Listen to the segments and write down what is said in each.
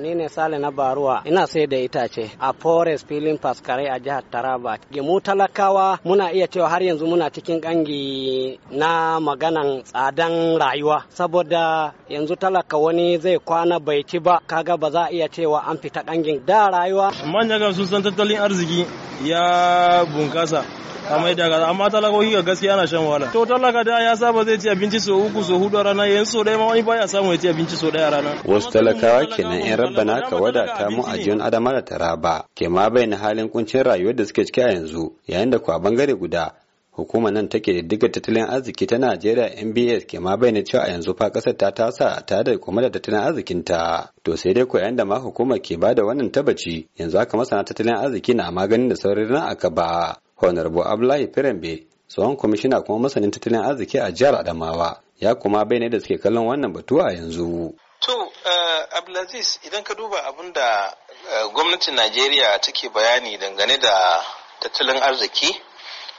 Ni ne Sale na Baruwa, ina sai da itace a Forest filin Faskare a jihar Taraba. Gemu talakawa muna iya cewa har yanzu muna cikin kangi na maganan tsadan rayuwa, saboda yanzu talaka wani zai kwana bai ci ba, kaga ba za a iya cewa an fita kangin da rayuwa. ga sun san tattalin arziki ya bunkasa. a mai da gaza amma talakoki ga gaskiya ana shan wahala to talaka da ya saba zai ci abinci so uku so hudu a rana yanzu so ɗaya ma wani baya samu ya ci abinci so ɗaya a rana wasu talakawa kenan in rabbana ka wadata mu a jiyon adama da taraba ke ma na halin kuncin rayuwar da suke ciki a yanzu yayin da kwa bangare guda hukumar nan take da diga tattalin arziki ta Najeriya NBS ke ma bayyana cewa a yanzu fa kasar ta tasa ta da kuma da tattalin arzikin ta to sai dai ko yayin da ma hukumar ke bada wannan tabbaci yanzu aka masana tattalin arziki na maganin da saurin aka ba honorable abdullahi firambe tsohon kwamishina kuma masanin tattalin arziki a jihar adamawa ya kuma bayyana da suke kallon wannan batu a yanzu to eh, abdulaziz idan ka duba abin da eh, gwamnatin najeriya take bayani dangane da tattalin arziki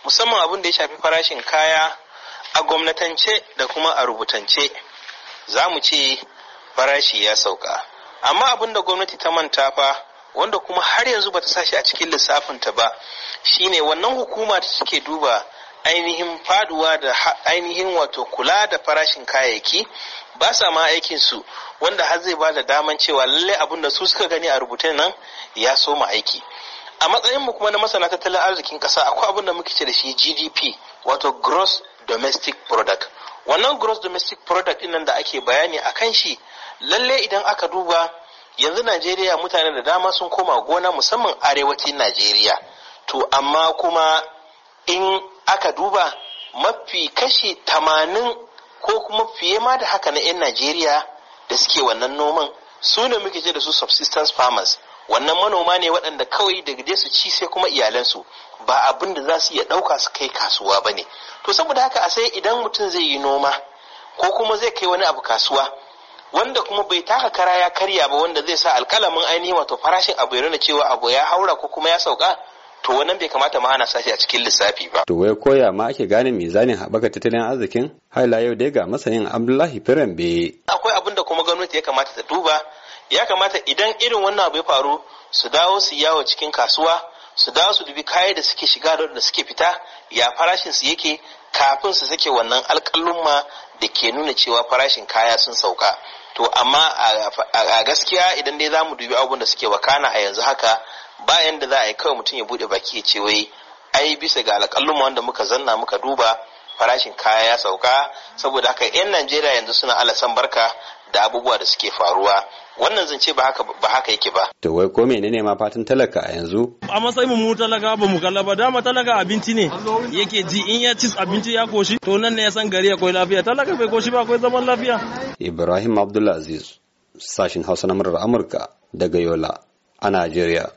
musamman abin da ya shafi farashin kaya a gwamnatance da kuma a rubutance za mu ce farashi ya sauka amma abin da gwamnati ta manta fa wanda kuma har yanzu bata sa shi a cikin lissafin ta ba shine wannan hukuma ta suke duba ainihin faduwa da ainihin wato kula da farashin kayayyaki ba sa ma aikin su wanda har zai ba da daman cewa lallai abin da su suka gani a rubuta nan ya soma aiki a matsayinmu kuma na masana tattalin arzikin kasa akwai abin da muke ce da shi gdp wato gross domestic product wannan gross domestic product din nan da ake bayani a kan shi lalle idan aka duba yanzu najeriya mutane da dama sun koma gona musamman arewacin najeriya to amma kuma in aka duba mafi kashi tamanin ko kuma fiye ma da haka na 'yan najeriya da suke wannan noman su ne muke ce da su subsistence farmers wannan manoma ne waɗanda kawai daga su ci sai kuma iyalansu ba abin da za su iya ɗauka su kai kasuwa ba ne to saboda haka a sai idan mutum zai yi noma ko kuma zai kai wani abu kasuwa wanda kuma bai taka kara ya karya ba wanda zai sa alkalamin ainihin wato farashin abu ya nuna cewa abu ya haura ko kuma ya sauka to wannan bai kamata ma ana sashi a cikin lissafi ba. To wai koya ma ake gane mizanin haɓaka tattalin arzikin? Haila yau dai ga masanin Abdullahi Firambe. Akwai abin da kuma gwamnati ya kamata ta duba, ya kamata idan irin wannan abu ya faru su dawo su yawo cikin kasuwa su da su dubi kaya da suke shiga da suke fita ya farashin su yake kafin su sake wannan alƙalumma da ke nuna cewa farashin kaya sun sauka to amma a gaskiya idan dai za mu dubi abubuwan da suke wakana a yanzu haka bayan da za a yi kawai mutum ya buɗe baki ya ce wai ai bisa ga alƙalumma wanda muka zanna muka duba farashin kaya ya sauka saboda haka 'yan najeriya yanzu suna alasan barka da abubuwa da suke faruwa wannan zance ba haka ba haka yake ba to wai ko menene ma fatan talaka a yanzu a matsayin mu talaka ba mu kalla ba dama talaka abinci ne yake ji in ya ci abinci ya koshi to nan ne ya san gari akwai lafiya talaka bai koshi ba akwai zaman lafiya ibrahim abdulaziz sashin hausa na murar amurka daga yola a najeriya